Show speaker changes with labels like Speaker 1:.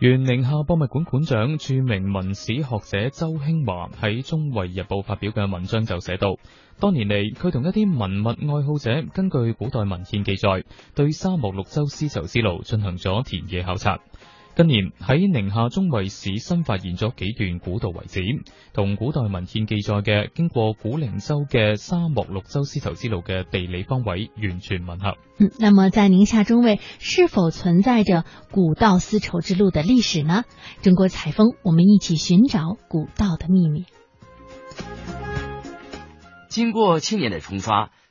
Speaker 1: 原寧夏博物館館長、著名文史學者周興華喺《中衛日報》發表嘅文章就寫到：多年嚟，佢同一啲文物愛好者根據古代文獻記載，對沙漠綠洲絲綢之路進行咗田野考察。今年喺寧夏中衛市新發現咗幾段古道遺址，同古代文獻記載嘅經過古靈州嘅沙漠綠洲絲綢之路嘅地理方位完全吻合。嗯，
Speaker 2: 那麼在寧夏中衛是否存在着古道絲綢之路的歷史呢？中國採風，我們一起尋找古道的秘密。
Speaker 1: 經過千年的沖刷。